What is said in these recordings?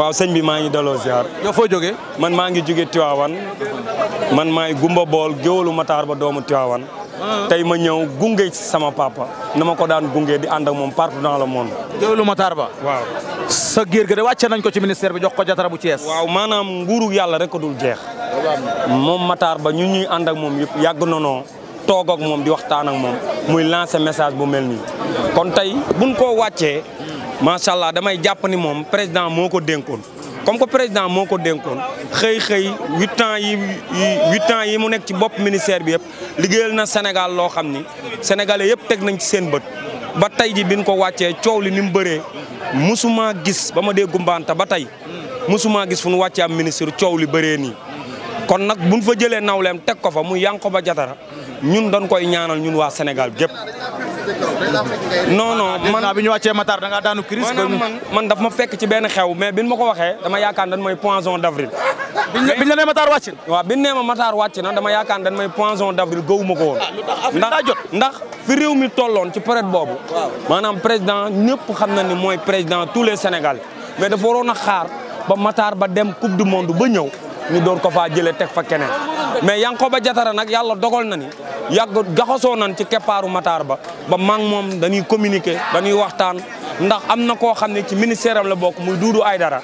waaw sëñ bi maa ngi daloo ziar. yow foo jógee. man maa ngi jóge Tiwaawan man maay gumba bool géwalu Matar ba doomu Tiwaawan ah. tey ma ñëw gunge sama papa na ma ko daan gunge di ànd ak moom partout dans le monde. géwalu Matar ba. waaw sa géer ga de wàcce nañ ko ci ministère bi jox ko jatara bu Thiès. waaw maanaam nguuru yàlla rek ko dul jeex. moom Matar ba ñu ñuy ànd ak moom yëpp yàgg na noo toog ak moom di waxtaan ak moom muy lancer message bu mel nii kon tey buñ ko wàccee. macha allah damay jàpp ni moom président moo ko dénkoon. comme que président moo ko dénkoon xëy xëy huit ans yi huit ans yi mu nekk ci bopp ministère bi yëpp liggéeyal na Sénégal loo xam ni sénégalais yëpp teg nañ ci seen bët. ba tey ji biñ ko wàccee coow li ni mu bëree musuma gis ba ma dee gumbaanta ba tey musuma gis fu nu wàccee am ministre coow li bëree nii. kon nag buñ fa jëlee nawleem teg ko fa mu muy ba jatara ñun dañ koy ñaanal ñun waa Sénégal gépp non non man bi ñu wàccee Matar da ngaa daanu crise man man daf ma fekk ci benn xew mais bin ma ko waxee dama yaakaar dañ may poisson d'avril biñ la nee Matar wàcc na waaw biñ nee ma Matar wàcc na dama yaakaar dañ may poisson d'avril gëwu ma ko woon ah, ndax ndax mi tolloon ci période boobu maanaam président ñëpp xam na ni mooy président tous les Sénégalais mais dafa waroon a xaar ba mataar ba dem coupe du monde ba ñëw ñu door ko faa jëlee teg fa keneen mais ba Diatara nag yàlla dogal na ni yàgg gaxasoo nan ci keppaaru mataar Ba ba maag moom dañuy communiquer dañuy waxtaan ndax am na koo xam ne ci ministère am la bokk muy Doudou ay dara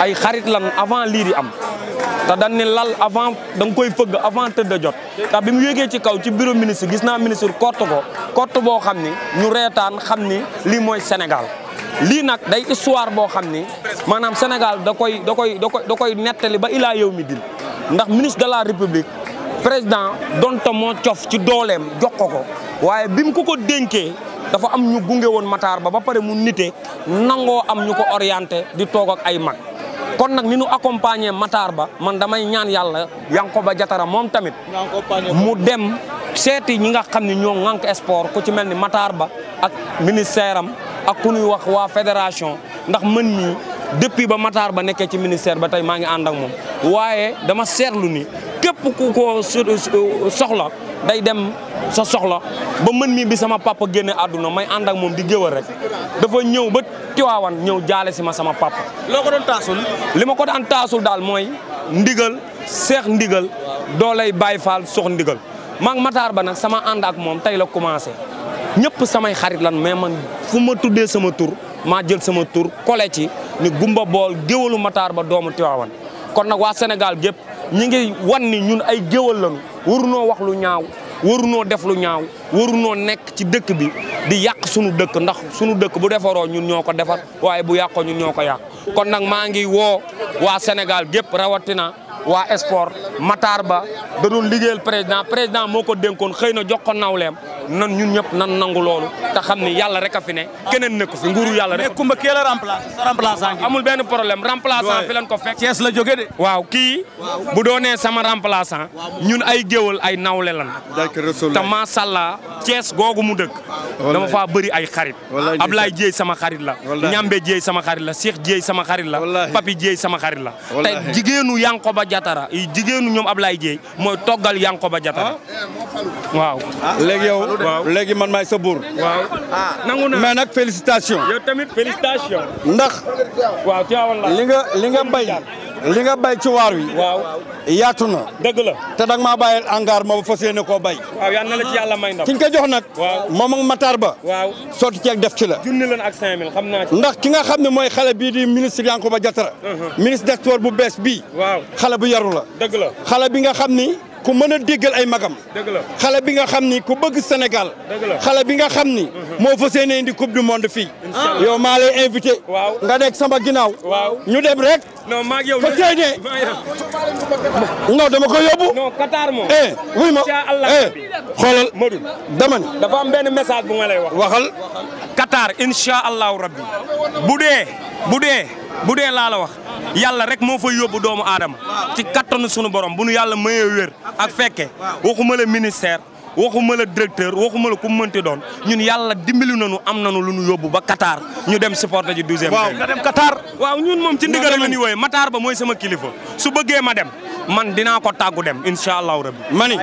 ay xarit lan avant lii di am te dañ ne lal avant da koy fëgg avant tëdd jot te bi mu yéegee ci kaw ci bureau ministre gis naa ministre kott ko kott boo xam ni ñu reetaan xam ni lii mooy Sénégal lii nag day histoire boo xam ni maanaam Sénégal da koy da koy da koy da koy nettali ba ilaa yow mi ndax ministre de la république président donte moo cof ci dooleem jox ko ko waaye bi mu ko ko dénkee dafa am ñu gungewoon woon Ba ba pare mu nite nangoo am ñu ko orienté di toog ak ay mag kon nag ni nu accompagner Matar Ba man damay ñaan yàlla ba Diattara moom tamit mu dem seeti ñi nga xam ne ñoo ŋànk espor ku ci mel ni Matar Ba ak ministère am ak ku nuy wax waa fédération ndax mën mii depuis ba Matar ba nekkee ci ministère ba tey maa ngi ànd ak moom waaye dama seetlu ni képp ku ko soxla day dem sa soxla ba mën mi bi sama a génne àdduna may ànd ak moom di géwal rek dafa ñëw ba Tiwaawan ñëw jaale si ma sama pap loo ko doon taasul. li ma ko daan taasul daal mooy ndigal seex ndigal dooley Baay Faal sox ndigal maa ngi Matar ba nag sama ànd ak moom tey la commencé ñëpp samay xarit lan mais man fu ma tuddee sama tur maa jël sama tur kole ci. ni gumba bool géwalu mataar ba doomu Tiwaawan kon nag waa Sénégal gépp ñi ngi wan ni ñun ay géwal lañu warunoo wax lu ñaaw warunoo def lu ñaaw warunoo nekk ci dëkk bi di yàq sunu dëkk ndax sunu dëkk bu defaroo ñun ñoo ko defar waaye bu yàqoo ñun ñoo ko yàq kon nag maa ngi woo waa Sénégal gépp rawatina waa sport Matar Ba da doon président président moo ko dénkoon xëy na jox ko nawleem nan ñun ñëpp nan nangu loolu xam ni yàlla rek a fi ne. keneen nekk fi nguuru yàlla rek. mais Kumba kee la remplaçant amul benn problème remplaçant fi leen ko fekk. Thiès la jógee de. waaw kii bu doonee sama remplaçant ñun ay géwal ay nawle lan. te macha allah Thiès googu mu dëkk. dama fa bëri ay xarit. wallaahi Ablaye Dieye sama xarit la. wallaahi Ñambe Dieye sama xarit la Cheikh Dieye sama xarit la. Papi Dieye sama xarit la. Diatara yi jigéenu ñoom Ablaye Dieye mooy toggal Yankoba Diatara waaw. léegi yow léegi man maay sa buur. waaw nangu na mais félicitation. yow tamit félicitation. ndax. waaw li nga li nga bay li nga bay ci waar wi. waaw yaatu na. dëgg la te danga maa bàyyil angaar ma fas yéene koo bay. waaw yal na la ci yàlla may ndam. ki nga ko jox nag. waaw moom ak Matar Ba. waaw sotti def ci la. junni lan ak 5000 xam naa ci. ndax ki nga xam ne mooy xale bii di ministre Yankhoba Diattara. Uh-huh. ministre des sports bu bees bii. waaw xale bu yaru la. dëgg la xale bi nga xam ni. ku mën a déggal ay magam xale bi nga xam ni ku bëgg Sénégal xale bi nga xam ni mhm. moo fas yéene indi coupe du monde fii yow maa lay invité nga nekk sama ginnaaw ñu dem rek non maa ngi dama ko yóbbu non Qatar eh, wuy ma eh xoolal dama ni dafa am benn message bu ma lay waxal Qatar bu dee bu dee bu dee laa la wax yàlla rek moo fay yóbbu doomu aadama ci kattanu sunu borom bu nu yàlla mayee wér ak fekke waxuma la ministère waxuma la directeur waxuma la ku mënti doon ñun yàlla dimbali nu am na nu lu ñu yóbbu ba Qatar ñu dem supporter ji douzième waaw nga dem Qatar waaw ñun moom ci ndigal la ñuy wooye Matar ba mooy sama kilifa su bëggee ma dem man dinaa ko tàggu dem incha allahu rabi. mani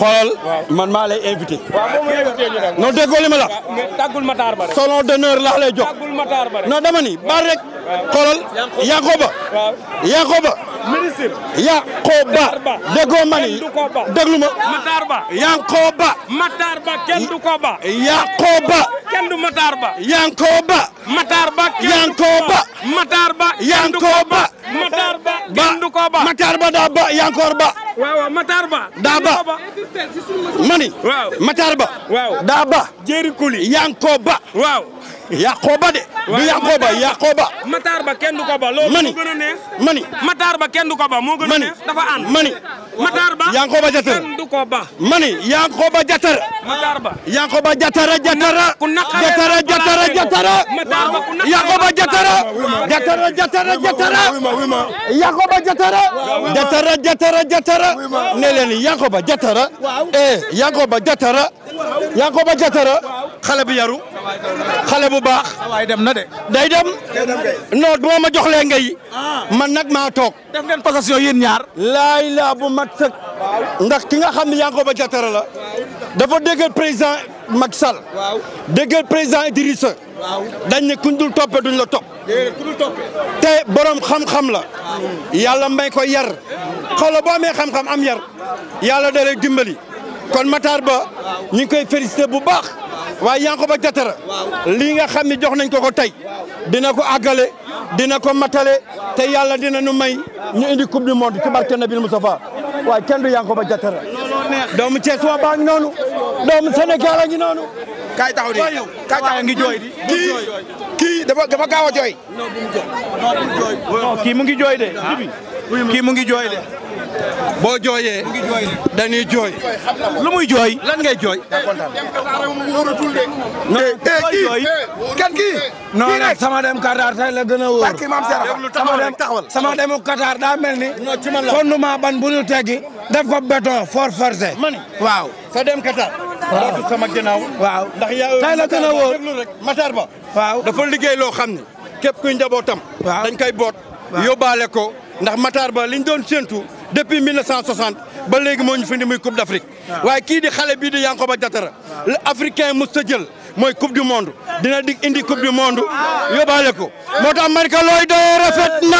xoolal man maa lay invité. non déggoo li ma la. tàggul Matar Ba rek. salon d'honneur laa lay jox. tàggul Matar Ba rek. non dama ni baal rek. xoolal Yankoba. Yankoba. ministre Yankhoba Matar Ba déggoo ma ni Ba Yankhoba du ko ba Yankhoba du Matar Ba Yankhoba Matar Ba Yankhoba Matar Ba daa ba Yankhoba ba waaw Ba daa ba mani Matar Ba daa ba jéeri kuli yàqoo ba de. du yàqoo ba yàqoo ba. Matar ba kenn du ko ba. loolu moo gën a neex mani Matar ba kenn du ko ba moo gën a neex. dafa ànd mani Matar ba Yankoba Diattara kenn du ko ba. mani Yankoba Diattara. Matar ba Yankoba Diattara Diattara. ku naqaree Diattara Diattara Diattara. Matar ba ku naqaree Yankoba Diattara. Diattara Diattara Diattara. Yankoba Diattara. Diattara Diattara Diattara. ne leen Yankoba Diattara. eh Yankoba Diattara. Yankoba Diattara. xale bi yaru. xale bu baax. waaye dem na de. day dem. non bu ma jox lee ngay. Ah. man nag maa toog. def ngeen passation yéen ñaar. laay laa bu mat sëkk. ndax ki nga xam ne Yankhoba Diattara la. dafa déggal président Macky Sall. waaw président Idrissa. waaw dañ ne kuñ dul toppee duñ la topp. te borom xam-xam la. yàlla may ko yar. xoolal boo amee xam-xam am yar. yàlla da lay dimbali. kon Matar Ba. ñu ngi koy félicité bu baax. waaye ba Diattara lii nga xam ne jox nañ ko ko tey dina ko àggale dina ko matale te yàlla dina nu may ñu indi coupe du monde ci barke Nabil Moustapha waaye kenn du Yankuba Diattara doomu Thiès waa baa ngi noonu doomu Sénégal a ngi noonu kaay taxaw di ngi jooy di kii kii dafa dafa gaaw a jooy kii mu ngi jooy de ah. kii mu ngi jooy de boo jooyee dañuy jooy. lu muy jooy lan ngay jooy. kan eh, eh, kii. Eh, sama dem Qatar tey la gën a wóor. sama dem sama demu Qatar daa mel ni. fondement ban bu ñu teggi ko béton for forcé. waaw sa dem Qatar. waaw sama ginnaaw. waaw ndax yaa la gën a wóor Matar Ba. waaw dafa liggéey loo xam ne képp ku njabootam. waaw dañ koy boot. yóbbaale ko ndax Matar Ba liñ doon séntu. depuis 1960 ba léegi moo ñu fi muy coupe d' ah. waaye kii di xale bii di Yankoba Diattara ah. la africain mës jël mooy coupe du monde dina dig indi coupe du monde yóbbaale ko moo ta Malika looy doyee rafet na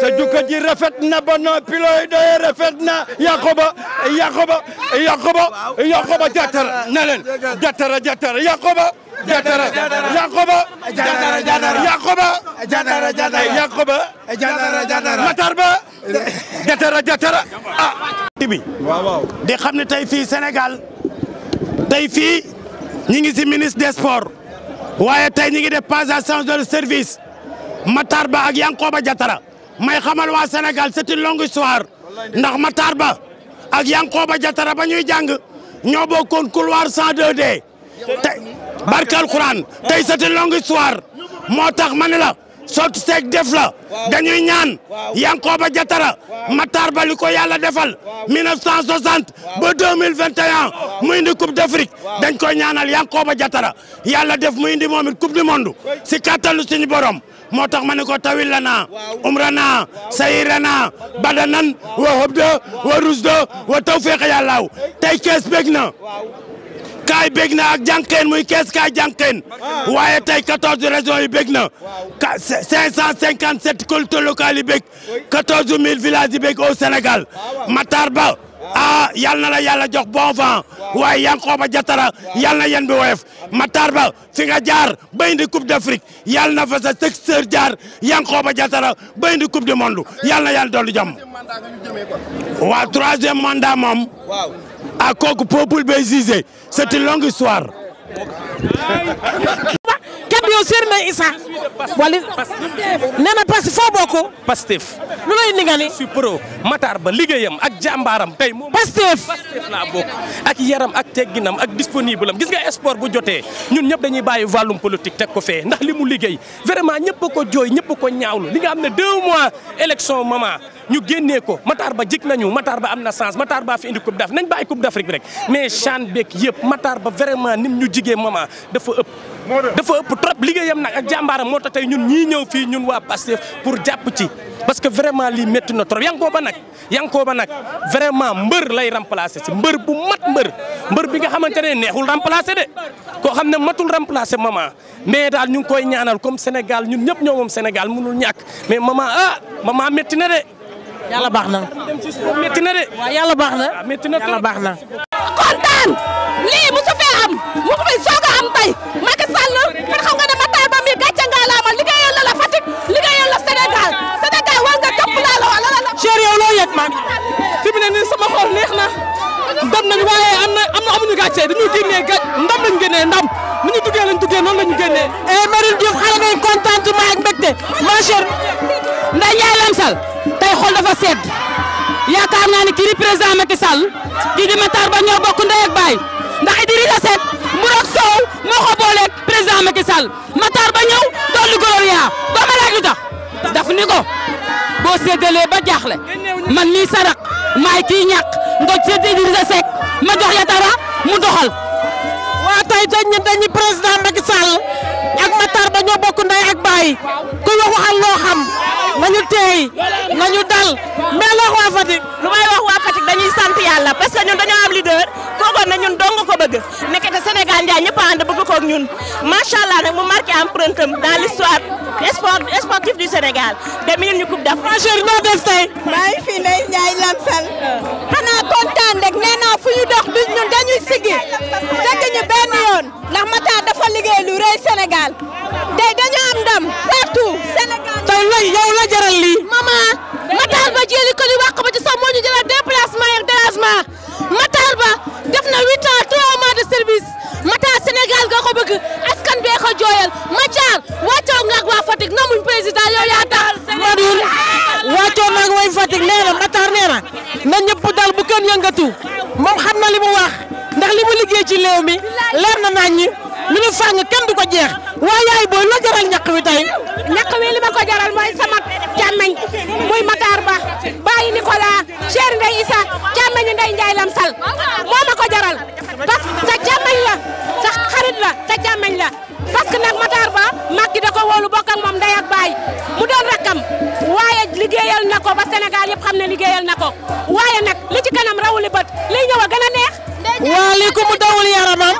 sa jukka ji rafet na ba noppi looy doyee rafet na Yankoba Yankoba Yankoba Yankoba Diattara na leen Diattara Diattara Yankoba Diattara Yankoba Diattara Matar Ba jatara jatara ah bi di xam ne tey fii Sénégal tey fii ñi ngi si ministre des sports waaye tey ñi ngi def passation de service Matar Ba ak ba Jatara may xamal waa Sénégal c'est une longue histoire ndax Matar Ba ak Yankoba Jatara ba ñuy jàng ñoo bokkoon couloir 102D te barkal Quran tey c'est longue histoire moo tax ma ne la sot seeg def la dañuy ñaan Yankoba Diatara Matar Ba li ko yàlla defal 1960 ba 2021 mu indi coupe d'Afrique dañ koy ñaanal Yankoba Diatara yàlla def mu indi moom it coupe du monde si kattalu suñu borom moo tax ma ne ko tawilla naa umra naa sayira naa badanan wa hobda wa rusda wa tawfiq yàllaaw tey kees bég kaay bég na ak jànkeen muy kees kaay jànkeen waaye tey quatorze régions yi bég na cinq cent cinquante bég quatorze mille villages yi bég au Sénégal Matar Ba ah yal na la yàlla jox bon vent waaye Yankhoba Diattara yal na yen bi woyof Matar Ba fi jaar ba indi coupe d'Afrique yal na fa sa secteur jaar Yankhoba Diattara ba indi coupe du monde yal na yàlla dolli jàmm waaw troisième mandat moom ah kooku peuple bay jugé c'est une longue histoire kaddu yow seer na Issa. wala nee na Pastef foo bokk. Pastef. lu lay ni nga ni. je Ba liggéeyam ak jambaaram tey moom. Pastef Pastef naa bokk. ak yaram ak tegginam ak disponible am gis nga sport bu jotee ñun ñëpp dañuy bàyyi wàllum politique teg ko fee ndax li mu liggéey vraiment ñëpp ko jooy ñëpp ko ñaawlu li nga xam ne deux mois élection mama ñu génnee ko Matar Ba jik nañu Matar Ba am na sens Matar Ba fi indi coupe d'Afrique nañ bàyyi coupe d'Afrique rek mais chan beek yëpp Matar Ba vraiment nim ñu jigee mama dafa ëpp. dafa ëpp trop liggéeyam nag ak jàmbaaram moo tax tey ñun ñii ñëw fii ñun waa Pastef pour jàpp ci parce que vraiment lii métti na yankoo Yankoba nag Yankoba nag vraiment mbër lay remplacer si mbër bu mat mbër mbër bi nga xamante ne neexul remplacer de koo xam ne matul remplacer maman mais daal ñu ngi koy ñaanal comme Sénégal ñun ñëpp ñoo moom Sénégal mënul ñàkk mais mama ah maman métti na de. yàlla baax na métti de. yàlla baax na métti na yàlla baax na. kontaan lii musu fee am mu ngi soog am tey. muy président Macky Sall kii di Matar Ba ñoo bokk ak baay ndax Idrissa Seck mburu ak soow moo ko président Macky Sall Matar Ba ñëw dolli góor yaa doo ma laaj daf ni ko boo séddalee ba jaaxle man mii sarak maay kii ñàkk nga sédd Idrissa Seck ma jox yatara mu doxal. waa tey dañ ñu président Macky Sall ak Matar Ba ñoo bokk ak baay ku ñu waxal xam nañu teey nañu dal mel wax waa Fatick may wax waa dañuy sant yàlla parce ñun dañoo am leader foogoon na ñun dong ko bëgg nekkete Sénégal njaay ñëpp ànd bëgg ko ak ñun macha allah mu marqué am dans l'histoire sport sportif du Sénégal demi ñu coupe d'Afrique. francheur noo def tey. fi Ndeye Ndiaye Lamsal. xanaa kontaan rek nee naa fu ñu dox duñ ñun dañuy siggi fekk ñu benn yoon ndax Matar dafa liggéey lu rëy Sénégal tey dañu am ndam partout Sénégal. tey lay yow la jaral lii. Fatick nee na na na dal bu kenn yëngatu moom xam na li mu wax ndax li mu liggéey ci léew leer na nañ ñi lu fàng kenn du ko jeex waaye yaay booy loo jaral ñaq wi tey. ñaq wi li ma ko jaral mooy sama càmmeñ muy Matar Ba bàyyi Nicolas Cheikh Ndeye Issa càmmeñu Ndeye Ndiaye Lam moo ma ko jaral parce càmmeñ la sa xarit sa càmmeñ la parce que nag Ba mag da ko wóolu bokk ak moom ndey baay mu doon rakkam. waaye liggéeyal na ko ba Sénégal yëpp xam ne liggéeyal na ko waaye nag li ci kanam rawuli bët liy ñëw a gën a neex. waa lii ku mu dawul yaramam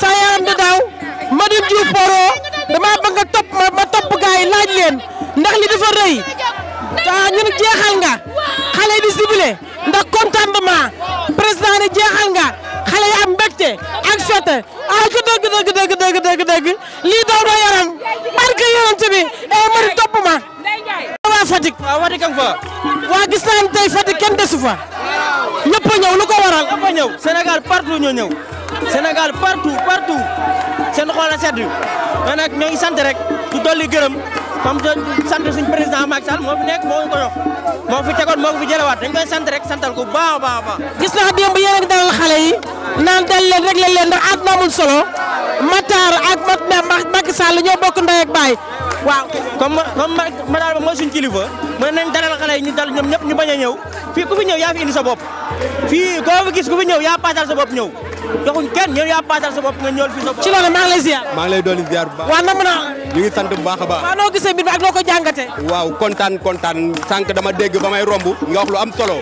sa yaram di daaw Madine Diouf Poro damaa bëgg a topp ma ma topp gars laaj leen ndax li dafa rëy ah ñun jeexal nga xale yi di sibile ndax contentement président ne jeexal nga xale yi am ak fête ah ku dëgg dëgg dëgg dëgg dëgg daw na yaram barke yonent bi. Fatick. waaw Fatick waa gis naa ne tey Fatick kenn desu fa. ñëpp a ñëw lu ko waral. ñëpp a ñëw Sénégal partout ñoo ñëw. Sénégal partout partout seen a sedd mais nag ngi sant rek du dolli gërëm comme sant suñ président Macky Sall moo fi nekk moo ko jox moo fi tegoon moo ko fi jëlewaat dañ koy sant rek santal ko baax a baax a baax. gis naa a ngi dalal xale yi naan dal leen rek leen ndax at na amul solo Matar ak Macky ñoo bokk ndey ak baay. waaw comme ma daal ba mooy suñ mën nañ dalal xale yi ñu a ñëw fii ku fi ñëw yaa fi indi sa bopp koo fi gis ku fi ñëw yaa paasal sa ñëw joxuñ kenn ñëw yaa paasal sa nga ñëw fi sa bopp. loolu maa ngi lay ziar. maa ngi lay doon ziar a ñu sant bu baax a baax. waaw noo gisee mbir mi ak noo ko jàngatee. waaw kontaan kontaan sànq dama dégg ba may romb nga wax lu am solo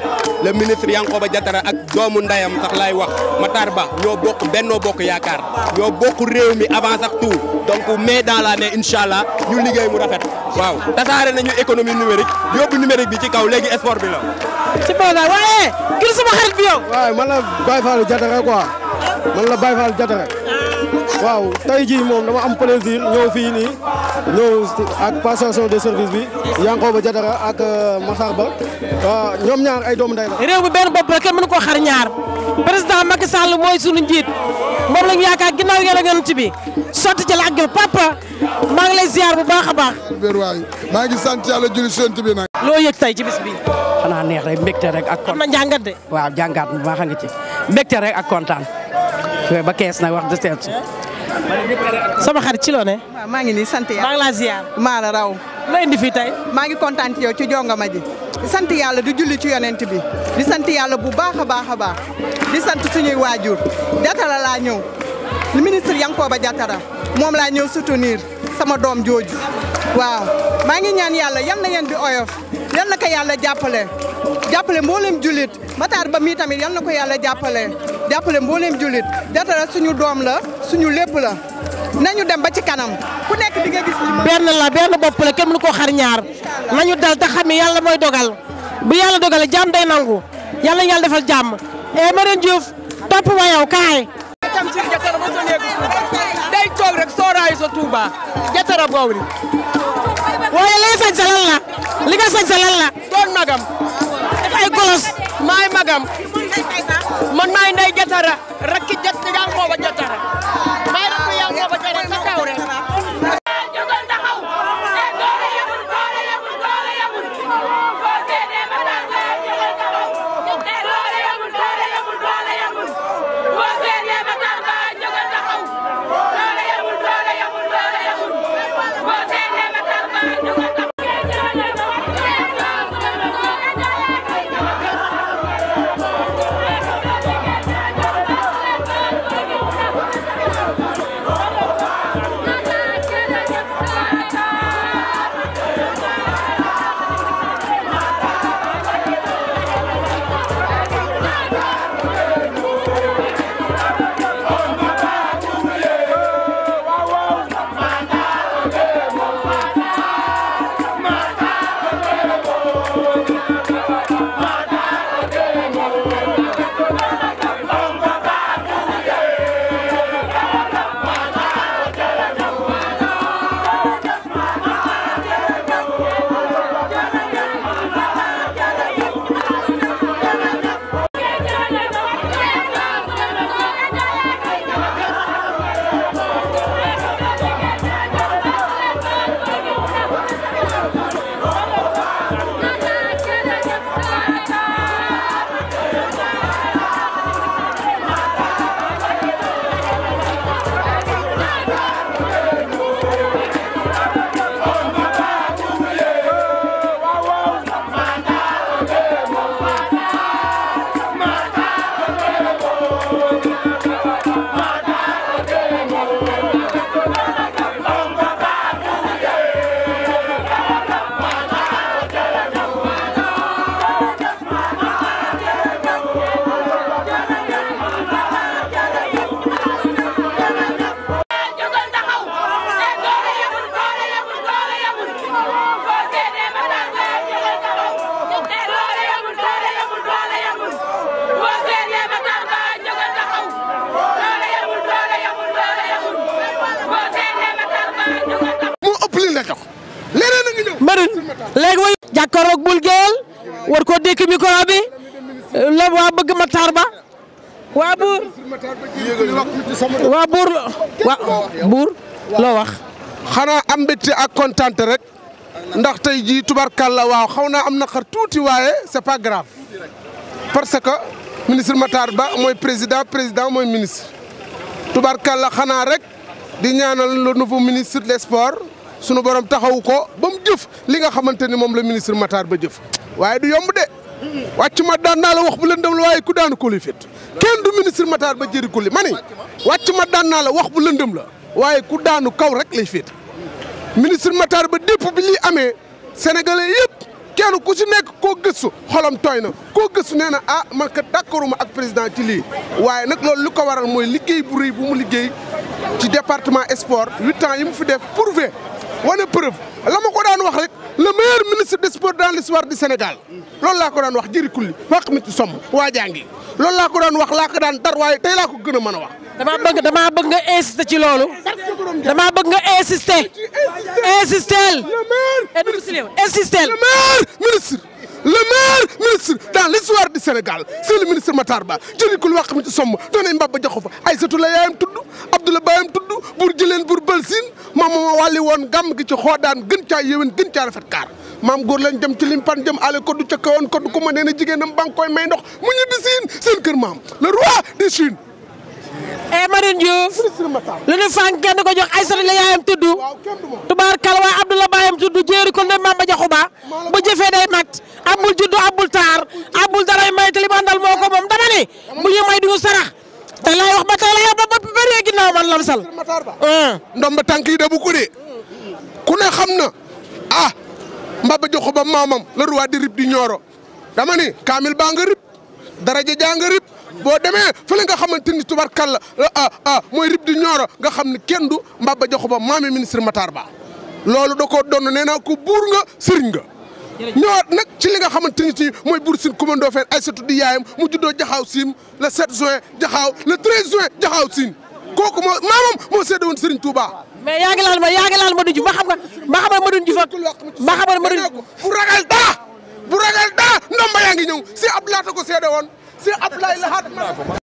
le ministre Yankhoba Diattara ak doomu ndayam sax laay wax taar Ba ñoo bokk bennoo bokk yaakaar ñoo bokk réew mi avant sax tout donc mais dans l'année incha allah ñu liggéey mu rafet waaw tasaare nañu économie numérique yóbbu numérique bi ci kaw léegi sport bi la. ci Paola waaye. ngir sama xarit bi yow. waaw man la Baye Fall Diattara waaw tey jii moom dama am plaisir ñëw fii ni ñëw ak passation de service bi Yankhoba Diattara ak euh, Makhtar Ba ñoom ñaar ay doomu ndey la. réew bi benn bopp kenn mënu ko xar ñaar président Macky Sall mooy sunu njiit moom lañu yaakaar ginnaaw yàlla yonent bi sotti ci làgg papa maa ngi lay ziar bu baax a baax. waay maa ngi sant yàlla julli loo yëg tey ci bi. xanaa neex rek mbégte rek ak. am jàngat de. waaw jàngat bu baax nga ci mbégte rek ak kontaan ba kees na wax de seet sama xarit ci loo maa ngi nii sant yàlla maa ngi maa la raw. loo indi fii tey. maa ngi kontaan ci yow ci jongama ji. di sant yàlla di julli ci yonent bi. di sant yàlla bu baax a baax a baax. di sant suñuy waajur. jatara laa ñëw. ministre Yankoba Diatara moom laa ñëw soutenir sama doom jooju. waaw maa ngi ñaan yàlla yan na yéen bi oyof yal na ko yàlla jàppale jàppale mboolem jullit Matar Ba mii tamit yal na ko yàlla jàppale. jàppale mbooleem jullit jatara suñu doom la suñu lépp la nañu dem ba ci kanam benn la benn bopp la kenn mënu koo xar ñaar nañu dal te xam ne yàlla mooy dogal bu yàlla dogalee jàmm day nangu yàlla yàlla defal jàmm e Marème Diouf topp ma yow kaay tam ci day toog rek sooraayu sa Touba jatara boobu waaye lay sañ sa lan li nga sañ sa lan la doon Xolos maay magam man maay Ndey Jatara rakki Matar Ba waa buur waa buur loo wax xanaa am mbégte ak kontaan rek ndax tey jii tubarkalla waaw xaw naa am na xar tuuti waaye c'est pas grave parce que ministre Matar Ba mooy président président mooy ministre tubarkalla xanaa rek di ñaanal le nouveau ministre des sports sunu borom taxaw ko ba mu jëf li nga xamante ni moom la ministre Matar Ba jëf waaye du yomb de wàcc ma daan naa wax bu lëndëm la waaye ku daanu ko li fit kenn du ministre Matar ba jëri kulli ma ni wàcc ma daan naa la wax bu lëndëm la waaye ku daanu kaw rek lay fit ministre Matar ba dépp bi lii amee sénégalais yëpp kenn ku si nekk koo gëstu xolam tooy na koo gëstu nee na ah man kat d'accorduma ak président ci li waaye nag loolu li ko waral mooy liggéey bu bu mu liggéey ci département sport huit ans yi mu fi def prouvé wane preuve la ma ko daan wax rek la meilleur ministre des sports dans l'histoire du Sénégal loolu laa ko daan wax jëri kulli wax mi ci somm waa jàngi loolu laa ko daan wax laa ko daan tar waaye tey laa ko gën a mën a wax. damaa bëgg damaa bëgg nga insister ci loolu. damaa bëgg nga insister. insister la maire. ministre. le meilleur ministre dans l'histoire du Sénégal c'est le ministre Matar Ba jërikul wax mi ci somm doon ay mbabba joxu fa Aïssatou la yaayam tudd Abdoulaye baayam tudd buur jëleen buur bëlsin moom moo wàlli woon gam gi ci xoodaan gën caa yéwén gën caa rafet kaar maam góor lañ jëm ci limpan jëm ale koddu ca kawoon koddu ku ma nee na jigéenam ba nga koy may ndox mu ñibbi siin seen kër maam le roi de Chine e Marine Diouf lu ñu fànk kenn ko jox Aïssata la yaayam tudd tubaar kal waaye Abdoulaye baayam tudd jéeri ko ne Mamba Jaxuba bu jëfee day mat amul juddu amul taar amul daray may te li ma àndal moo ko moom dama ne may duñu sarax te lay wax ba tey la yow ba ba bëree man lam sal ndom ba tànk yi da bu ko de ku ne xam na ah Mamba Jaxuba maamam la roi rib di ñooro dama kaamil baa nga rib daraja jaa nga rib boo demee fële nga xamante ni tubarkalla ah, ah, ah, mooy rib di ñooro nga xam ne kenn du Mbaba Diakhouba maami ministre Matar Ba loolu da koo doon nee naa ko buur nga sëriñ nga. ñëwaat nag ci li nga xamante ni ci mooy buur sin commando feen Aysatu di yaayam mu doo jaxaaw siim le 7 juin jaxaaw le 13 juin jaxaaw siin kooku moo maamam moo seede woon Serigne Touba. mais yaa ngi laal ma yaa ngi laal ma Diouf ba xam nga ba xamal Madou Diouf ak ba xamal Madou bu ragal dara bu ragal yaa ngi ñëw si Abdoulaye ko seede woon. si Abdoulaye Lahad